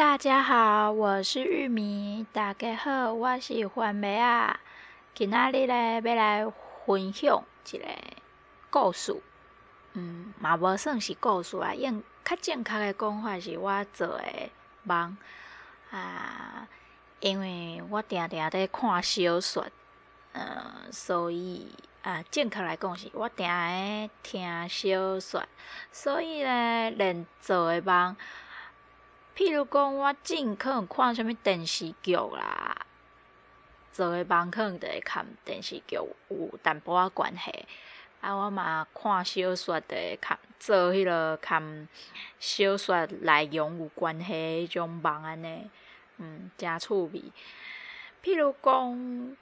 大家好，我是玉米。大家好，我是番麥啊。今仔日咧要來分享一個故事，嗯，嘛無算是故事啊，用較正確誒講法是我做誒夢啊。因為我定定咧看小說，嗯、呃，所以啊，正確來講是我定定咧聽小說，所以咧，連做誒夢。譬如講，我正可能看啥物電視劇啦，做個夢可能就會看電視劇，有淡薄仔關係。啊，我嘛看小說的，看做迄個，含小說內容有關係迄種夢安呢，嗯，正趣味。譬如講，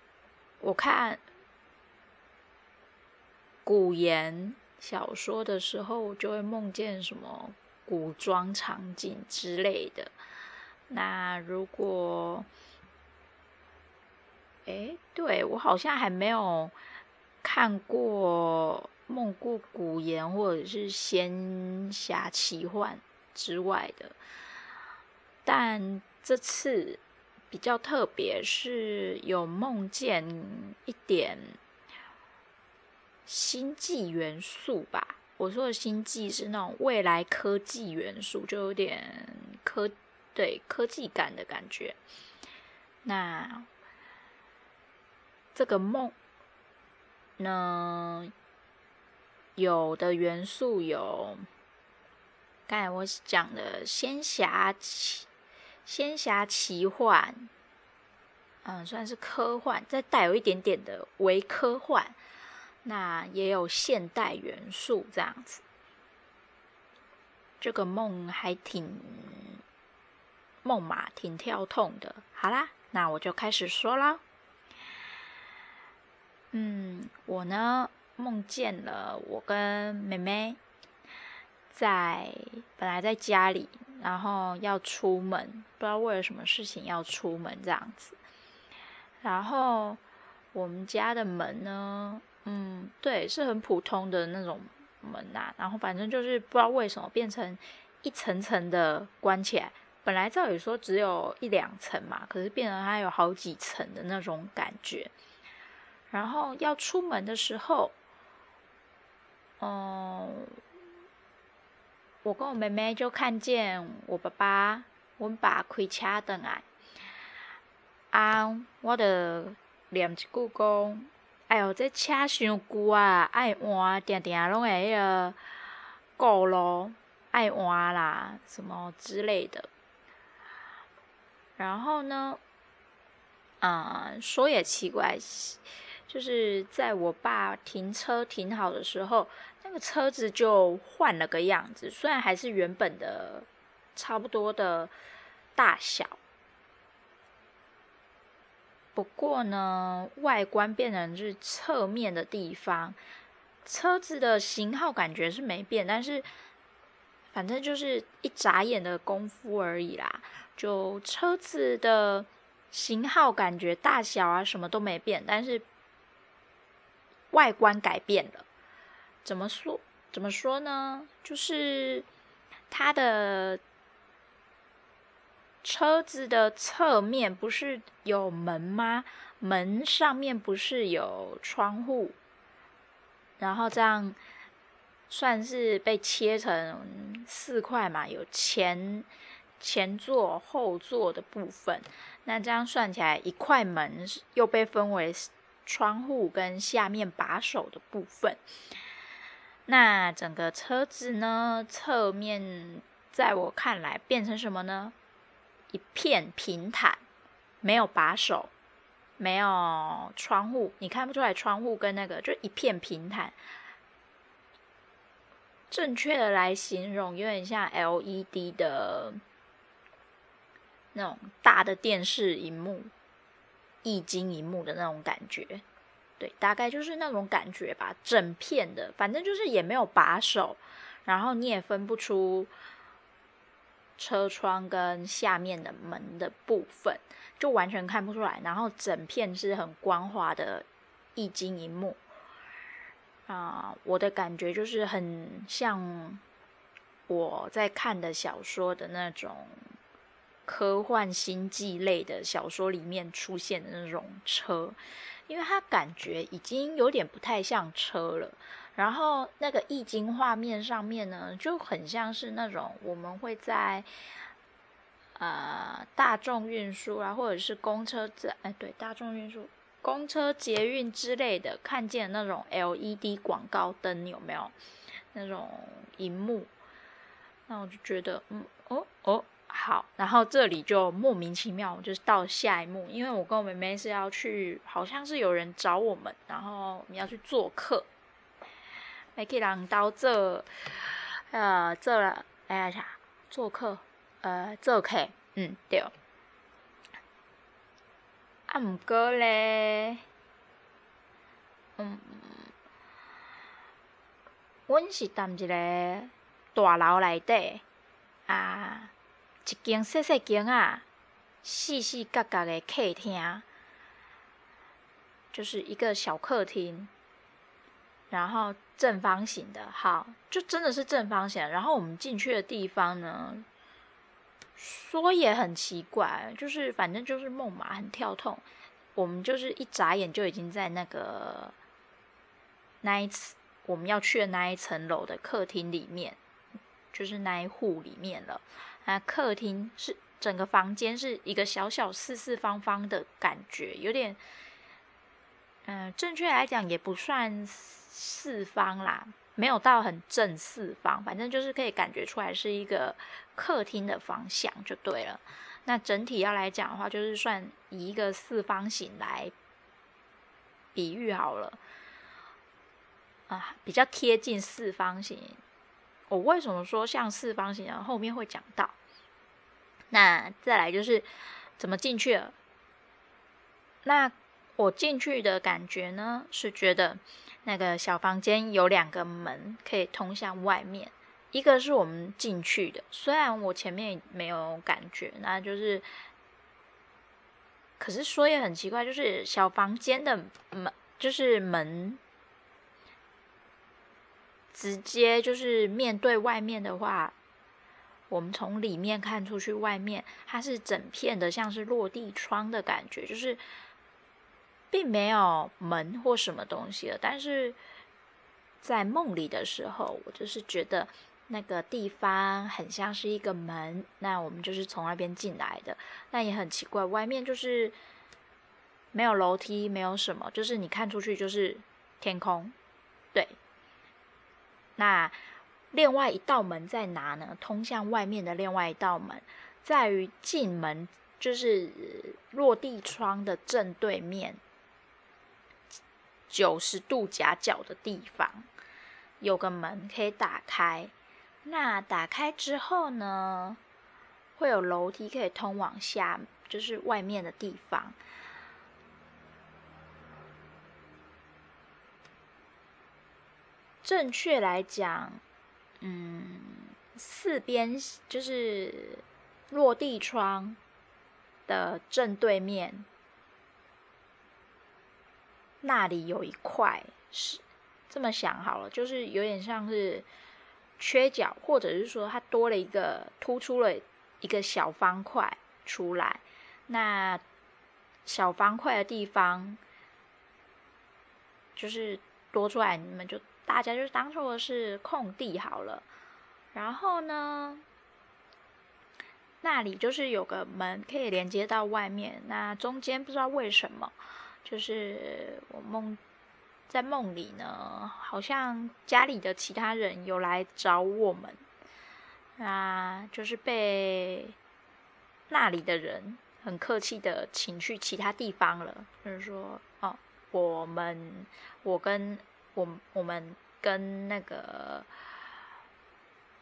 我看古言小說的時候，就會夢見什麼？古裝場景之類的，那如果，哎，對，我好像還沒有看過夢過古言或者是仙俠奇幻之外的，但這次比較特別，是有夢見一點星際元素吧。我說的星際是那種未來科技元素，就有點科，對，科技感的感覺。那這個夢呢，有的元素有，剛才我講的仙俠奇，仙俠奇幻，嗯，算是科幻，再帶有一點點的微科幻。那也有現代元素這樣子，這個夢還挺夢嘛，挺跳痛的。好啦，那我就開始說啦。嗯，我呢，夢見了我跟妹妹在，本來在家裡，然後要出門，不知道為了什麼事情要出門這樣子。然後我們家的門呢？嗯，對，是很普通的那種門吶、啊，然後反正就是不知道為什麼變成一層層的關起來。本來照理說只有一兩層嘛，可是變成它有好幾層的那種感覺。然後要出門的時候，哦、嗯，我跟我妹妹就看見我爸爸，我們爸，爸開車回來啊。啊，我的兩隻故宮哎呦，這車太舊啊，愛換，定定攏會迄個夠咯，愛換啦，什麼之類的。然後呢，嗯，說也奇怪，就是在我爸停車停好的時候，那個車子就換了個樣子，雖然還是原本的差不多的大小。不過呢，外觀變成是側面的地方，車子的型號感覺是沒變，但是反正就是一眨眼的功夫而已啦。就車子的型號感覺大小啊什麼都沒變，但是外觀改變了。怎麼說？怎麼說呢？就是它的。車子的側面不是有門嗎？門上面不是有窗戶。然後這樣算是被切成四塊嘛，有前前座、後座的部分。那這樣算起來，一塊門又被分為窗戶跟下面把手的部分。那整個車子呢，側面在我看來變成什麼呢？一片平坦，沒有把手，沒有窗戶，你看不出來窗戶跟那個，就一片平坦。正確的來形容，有點像 LED 的那種大的電視熒幕，液晶熒幕的那種感覺。對，大概就是那種感覺吧，整片的，反正就是也沒有把手，然後你也分不出。車窗跟下面的門的部分就完全看不出來，然後整片是很光滑的一鏡螢幕啊、呃，我的感覺就是很像我在看的小說的那種科幻星際類的小說裡面出現的那種車，因為它感覺已經有點不太像車了。然後那個易經畫面上面呢，就很像是那種我們會在，呃、大眾運輸啊，或者是公車、子哎，對，大眾運輸、公車、捷運之類的，看見那種 LED 廣告燈有沒有？那種熒幕，那我就覺得，嗯，哦，哦，好。然後這裡就莫名其妙，就是到下一幕，因為我跟我妹妹是要去，好像是有人找我們，然後我們要去做客。要去人家做，呃，做了哎呀啥，做客，呃，做客，嗯，對。啊，不過咧，嗯，阮是住一個大樓內底，啊，一間細細間啊，四四角角的客廳，就是一個小客廳。然後正方形的，好，就真的是正方形。然後我們進去的地方呢，說也很奇怪，就是反正就是夢嘛，很跳痛。我們就是一眨眼就已經在那個那一次我們要去的那一層樓的客廳裡面，就是那一戶裡面了。那客廳是整個房間是一個小小四四方方的感覺，有點，嗯、呃，正確來講也不算。四方啦，沒有到很正四方，反正就是可以感覺出來是一個客廳的方向就對了。那整體要來講的話，就是算以一個四方形來比喻好了。啊，比較貼近四方形。我為什麼說像四方形呢？後面會講到。那再來就是怎麼進去了？那我進去的感覺呢？是覺得。那個小房間有兩個門可以通向外面，一個是我們進去的。雖然我前面沒有感覺，那就是，可是說也很奇怪，就是小房間的門，就是門，直接就是面對外面的話，我們從裡面看出去外面，它是整片的，像是落地窗的感覺，就是。並沒有門或什麼東西了，但是在夢裡的時候，我就是覺得那個地方很像是一個門，那我們就是從那邊進來的。那也很奇怪，外面就是沒有樓梯，沒有什麼，就是你看出去就是天空，對。那另外一道門在哪呢？通向外面的另外一道門，在於進門，就是落地窗的正對面。九十度夾角的地方有個門可以打開，那打開之後呢，會有樓梯可以通往下，就是外面的地方。正確來講，嗯，四邊就是落地窗的正對面。那裡有一塊是這麼想好了，就是有點像是缺角，或者是說它多了一個突出了一個小方塊出來。那小方塊的地方就是多出來，你們就大家就當做是空地好了。然後呢，那裡就是有個門可以連接到外面。那中間不知道為什麼。就是我夢，在夢裡呢，好像家裡的其他人有來找我們，啊，就是被那裡的人很客氣的請去其他地方了。就是說，哦，我們，我跟我，我們跟那個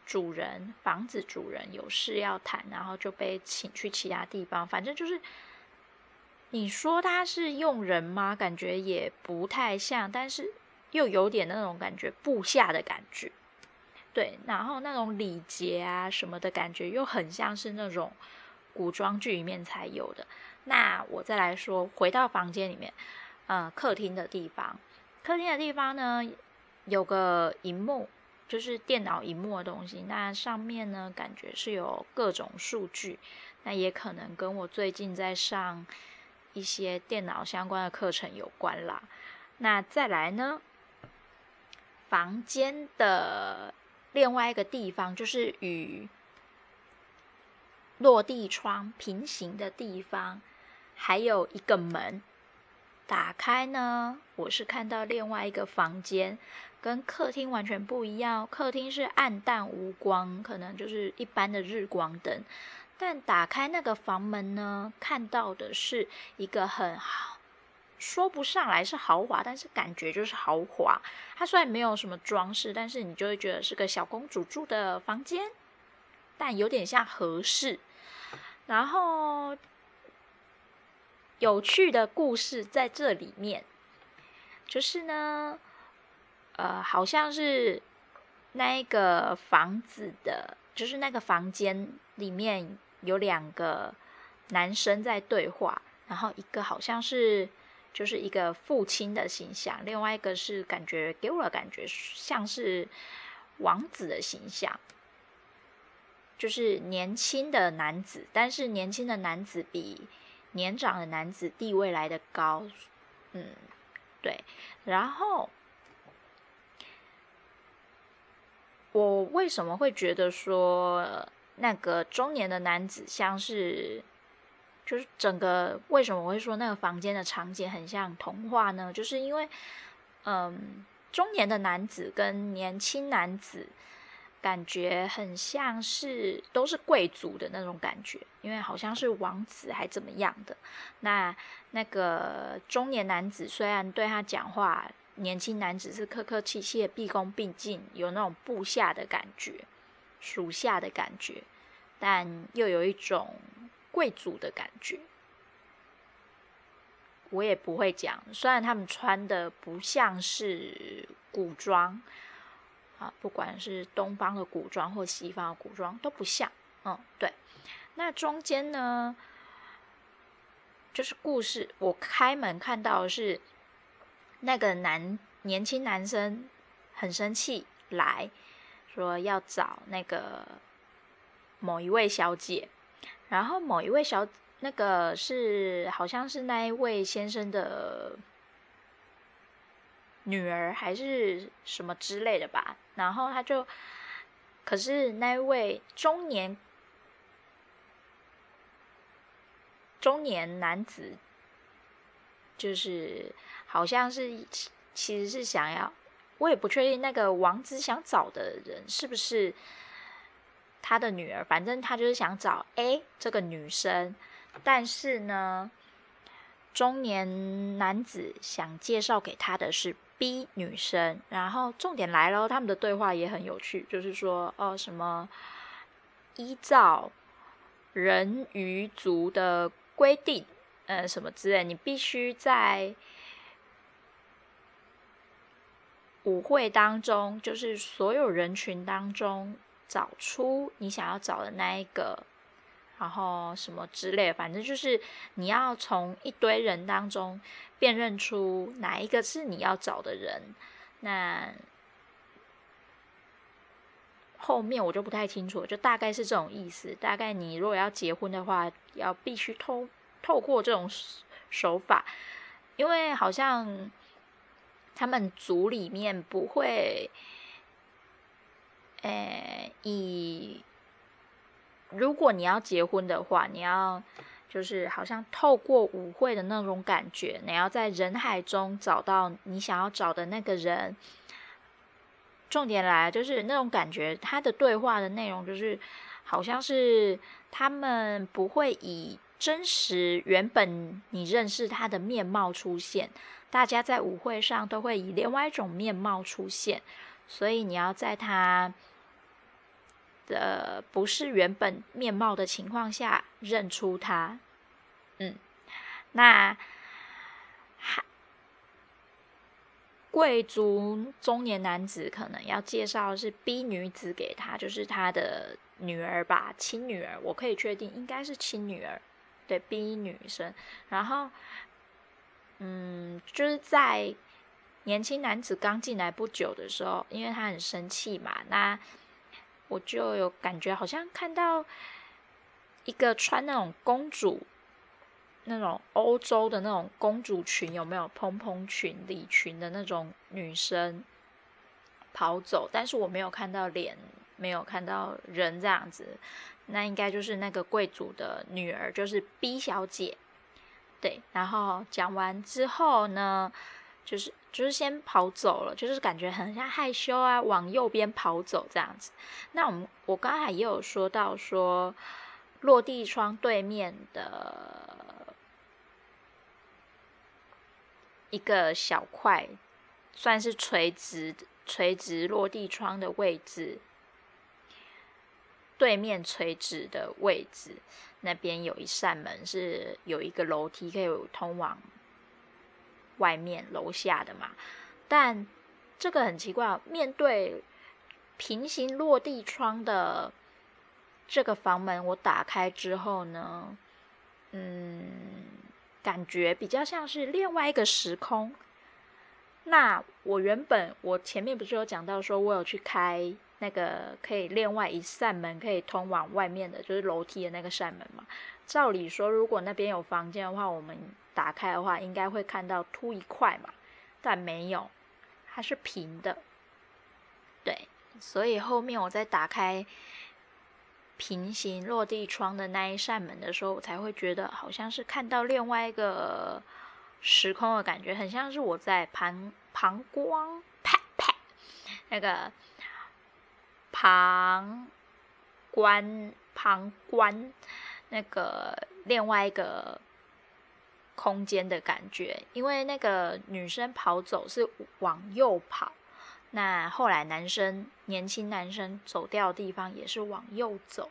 主人，房子主人有事要談，然後就被請去其他地方，反正就是。你說他是傭人嗎？感覺也不太像，但是又有點那種感覺部下的感覺，對。然後那種禮節啊什麼的感覺，又很像是那種古裝劇裡面才有的。那我再來說，回到房間裡面，嗯、呃，客廳的地方，客廳的地方呢有個熒幕，就是電腦熒幕的東西。那上面呢感覺是有各種數據，那也可能跟我最近在上。一些電腦相關的課程有關啦。那再來呢？房間的另外一個地方，就是與落地窗平行的地方，還有一個門。打開呢，我是看到另外一個房間，跟客廳完全不一樣。客廳是暗淡無光，可能就是一般的日光燈。但打開那個房門呢，看到的是一個很，說不上來是豪華，但是感覺就是豪華。它雖然沒有什麼裝飾，但是你就會覺得是個小公主住的房間，但有點像和室。然後有趣的故事在這裡面，就是呢，呃，好像是那一個房子的，就是那個房間裡面。有兩個男生在對話，然後一個好像是就是一個父親的形象，另外一個是感覺給我的感覺像是王子的形象，就是年輕的男子，但是年輕的男子比年長的男子地位來得高，嗯，對。然後我為什麼會覺得說？那個中年的男子像是，就是整個為什麼我會說那個房間的場景很像童話呢？就是因為，嗯，中年的男子跟年輕男子感覺很像是都是貴族的那種感覺，因為好像是王子還怎麼樣的。那那個中年男子雖然對他講話，年輕男子是客客氣氣、畢恭畢敬，有那種部下的感覺。屬下的感覺，但又有一種貴族的感覺。我也不會講，雖然他們穿的不像是古裝，啊，不管是東方的古裝或西方的古裝都不像。嗯，對。那中間呢，就是故事。我開門看到的是那個男，年輕男生很生氣，來。說要找那個某一位小姐，然後某一位小那個是好像是那一位先生的女兒還是什麼之類的吧，然後他就，可是那位中年中年男子就是好像是其實是想要。我也不確定那個王子想找的人是不是他的女兒，反正他就是想找 A 這個女生，但是呢，中年男子想介紹給他的是 B 女生。然後重點來了，他們的對話也很有趣，就是說，哦、呃，什麼依照人魚族的規定，呃，什麼之類，你必須在。舞會當中，就是所有人群當中找出你想要找的那一個，然後什麼之類，反正就是你要從一堆人當中辨認出哪一個是你要找的人。那後面我就不太清楚，就大概是這種意思。大概你如果要結婚的話，要必須透透過這種手法，因為好像。他們組裡面不會，誒、欸，以如果你要結婚的話，你要就是好像透過舞會的那種感覺，你要在人海中找到你想要找的那個人。重點來，就是那種感覺，他的對話的內容就是好像是他們不會以。真實原本你認識他的面貌出現，大家在舞會上都會以另外一種面貌出現，所以你要在他的不是原本面貌的情況下認出他。嗯，那，還，貴族中年男子可能要介紹是 B 女子給他，就是他的女兒吧，親女兒，我可以確定應該是親女兒。對，B 女生，然後，嗯，就是在年輕男子剛進來不久的時候，因為他很生氣嘛，那我就有感覺好像看到一個穿那種公主、那種歐洲的那種公主裙，有沒有蓬蓬裙、禮裙的那種女生跑走，但是我沒有看到臉。沒有看到人這樣子，那應該就是那個貴族的女兒，就是 B 小姐，對。然後講完之後呢，就是就是先跑走了，就是感覺很像害羞啊，往右邊跑走這樣子。那我們我剛才也有說到說，落地窗對面的，一個小塊，算是垂直垂直落地窗的位置。對面垂直的位置，那邊有一扇門，是有一個樓梯可以通往外面樓下的嘛？但這個很奇怪，面對平行落地窗的這個房門，我打開之後呢，嗯，感覺比較像是另外一個時空。那我原本我前面不是有講到說，我有去開。那個可以另外一扇門可以通往外面的，就是樓梯的那個扇門嘛。照理說，如果那邊有房間的話，我們打開的話，應該會看到凸一塊嘛。但沒有，它是平的。對，所以後面我再打開平行落地窗的那一扇門的時候，我才會覺得好像是看到另外一個時空的感覺，很像是我在旁旁光啪啪那個。旁觀，旁觀，那個另外一個空間的感覺，因為那個女生跑走是往右跑，那後來男生年輕男生走掉的地方也是往右走，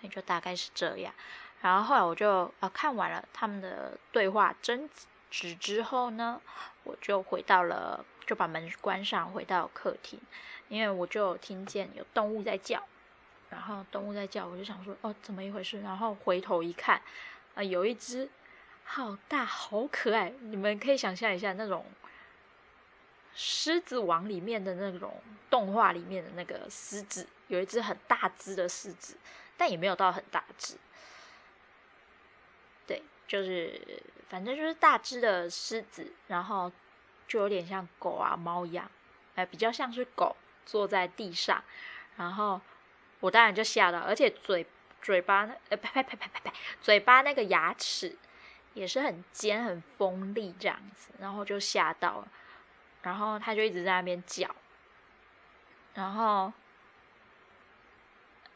那就大概是這樣。然後後來我就啊、呃、看完了他們的對話爭執之後呢，我就回到了，就把門關上，回到客廳。因為我就聽見有動物在叫，然後動物在叫，我就想說哦，怎麼一回事？然後回頭一看，啊、呃，有一隻好大、好可愛。你們可以想象一下那種《獅子王》裡面的那種動畫裡面的那個獅子，有一隻很大隻的獅子，但也沒有到很大隻。對，就是反正就是大隻的獅子，然後就有點像狗啊貓一樣，哎、呃，比較像是狗。坐在地上，然後我當然就嚇到，而且嘴嘴巴，呃，呸呸呸呸呸呸，嘴巴那個牙齒也是很尖、很鋒利這樣子，然後就嚇到了，然後它就一直在那邊叫，然後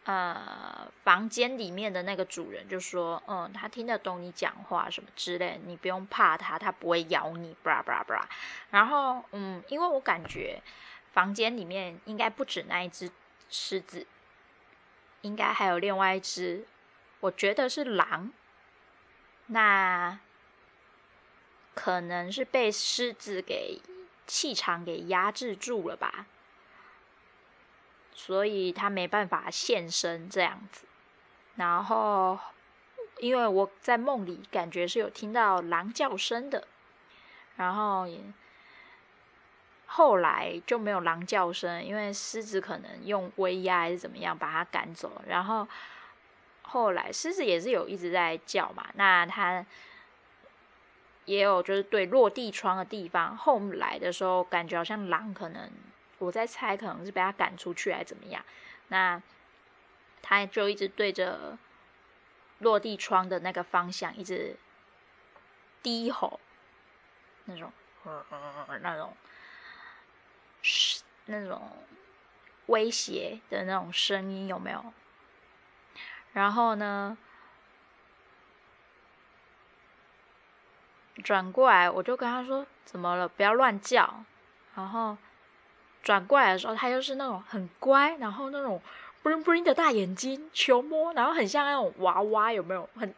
呃，房間裡面的那個主人就說，嗯，他聽得懂你講話什麼之類的，你不用怕它它不會咬你，不啦不啦不啦然後嗯，因為我感覺。房間裡面應該不止那一隻獅子，應該還有另外一隻，我覺得是狼。那可能是被獅子給氣場給壓制住了吧，所以他沒辦法現身這樣子。然後，因為我在夢裡感覺是有聽到狼叫聲的，然後也。後來就沒有狼叫聲，因為獅子可能用威壓還是怎麼樣把它趕走。然後後來獅子也是有一直在叫嘛，那它也有就是對落地窗的地方。後來的時候感覺好像狼可能我在猜，可能是被它趕出去還是怎麼樣。那它就一直對着落地窗的那個方向一直低吼那種，嗯嗯嗯，那種。是那種威脅的那種聲音有沒有？然後呢，轉過來，我就跟他說：“怎麼了？不要亂叫。”然後轉過來的時候，他就是那種很乖，然後那種 bling bling 的大眼睛，球摸，然後很像那種娃娃，有沒有？很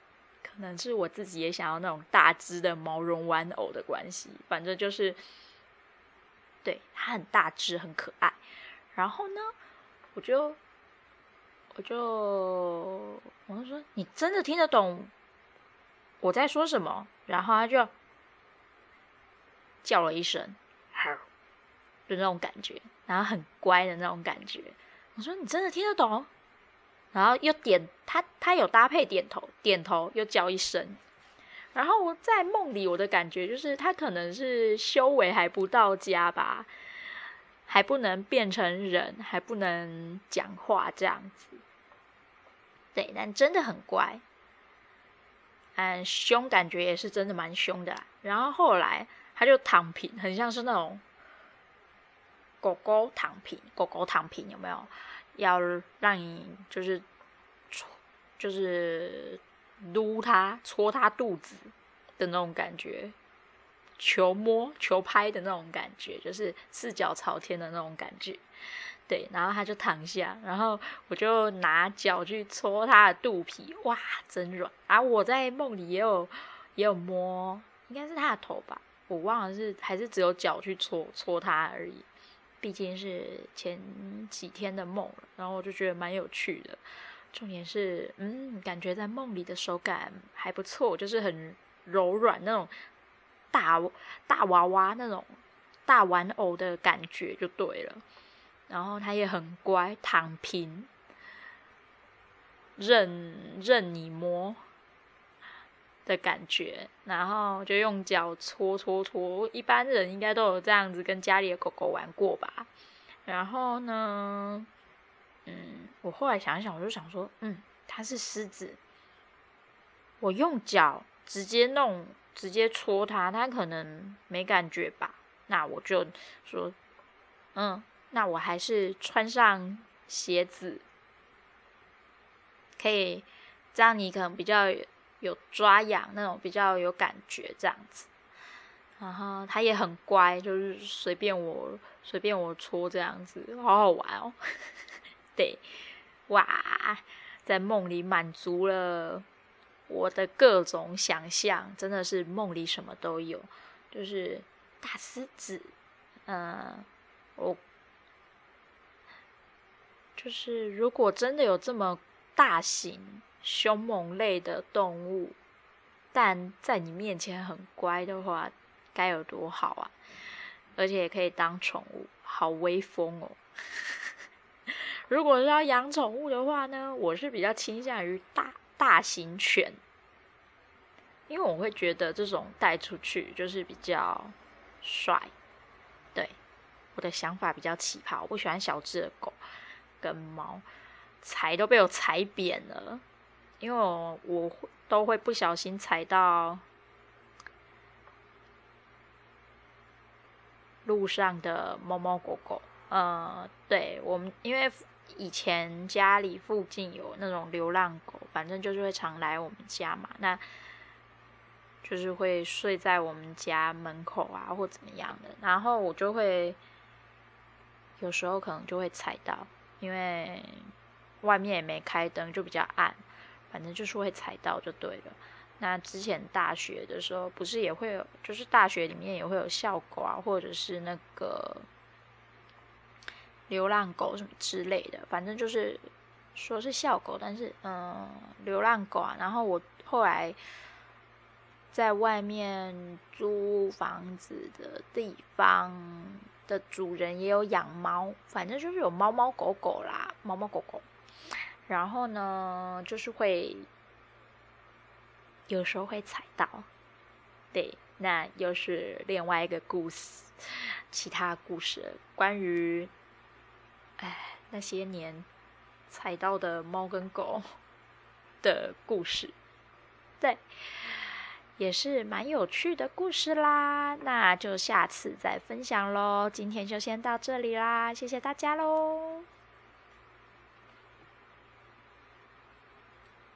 可能是我自己也想要那種大只的毛絨玩偶的關係，反正就是。對，它很大只，很可愛。然後呢，我就我就我就說，你真的聽得懂我在說什麼？然後他就叫了一聲，就那種感覺，然後很乖的那種感覺。我說你真的聽得懂？然後又點，他他有搭配點頭，點頭又叫一聲。然後在夢裡，我的感覺就是他可能是修為還不到家吧，還不能變成人，還不能講話這樣子。對，但真的很乖。嗯，凶感覺也是真的蠻凶的啊。然後後來他就躺平，很像是那種狗狗躺平，狗狗躺平有沒有？要讓你就是，就是。擼它、搓它肚子的那種感覺，求摸、求拍的那種感覺，就是四腳朝天的那種感覺。對，然後它就躺下，然後我就拿腳去搓它的肚皮，哇，真軟啊！我在夢裡也有也有摸，應該是它的頭吧，我忘了是還是只有腳去搓搓它而已，畢竟是前幾天的夢了，然後我就覺得蠻有趣的。重點是，嗯，感覺在夢裡的手感還不錯，就是很柔軟，那種大，大大娃娃那種大玩偶的感覺就對了。然後它也很乖，躺平，任任你摸的感覺。然後就用腳搓搓搓，一般人應該都有這樣子跟家裡的狗狗玩過吧。然後呢？嗯，我後來想想，我就想說，嗯，它是獅子，我用腳直接弄，直接戳它，它可能沒感覺吧。那我就說，嗯，那我還是穿上鞋子，可以這樣，你可能比較有抓癢那種，比較有感覺這樣子。然後它也很乖，就是隨便我隨便我戳這樣子，好好玩哦。對，哇，在夢裡滿足了我的各種想象，真的是夢裡什麼都有，就是大獅子，嗯、呃，我、哦、就是如果真的有這麼大型、兇猛類的動物，但在你面前很乖的話，該有多好啊！而且也可以當寵物，好威風哦。如果是要養寵物的話呢，我是比較傾向於大大型犬，因為我會覺得這種帶出去就是比較帥。對，我的想法比較奇葩，我不喜歡小只的狗跟貓，踩都被我踩扁了，因為我我都會不小心踩到路上的貓貓狗狗。呃，對，我們因為。以前家裡附近有那種流浪狗，反正就是會常來我們家嘛，那就是會睡在我們家門口啊，或怎麼樣的。然後我就會有時候可能就會踩到，因為外面也沒開燈，就比較暗，反正就是會踩到就對了。那之前大學的時候，不是也會有，就是大學裡面也會有校狗啊，或者是那個。流浪狗什麼之類的，反正就是說是校狗，但是嗯，流浪狗啊。然後我後來在外面租房子的地方的主人也有養貓，反正就是有貓貓狗狗啦，貓貓狗狗。然後呢，就是會有時候會踩到，對，那又是另外一個故事，其他故事關於。哎，那些年踩到的貓跟狗的故事，對，也是蠻有趣的故事啦。那就下次再分享嘍。今天就先到這裡啦，謝謝大家嘍。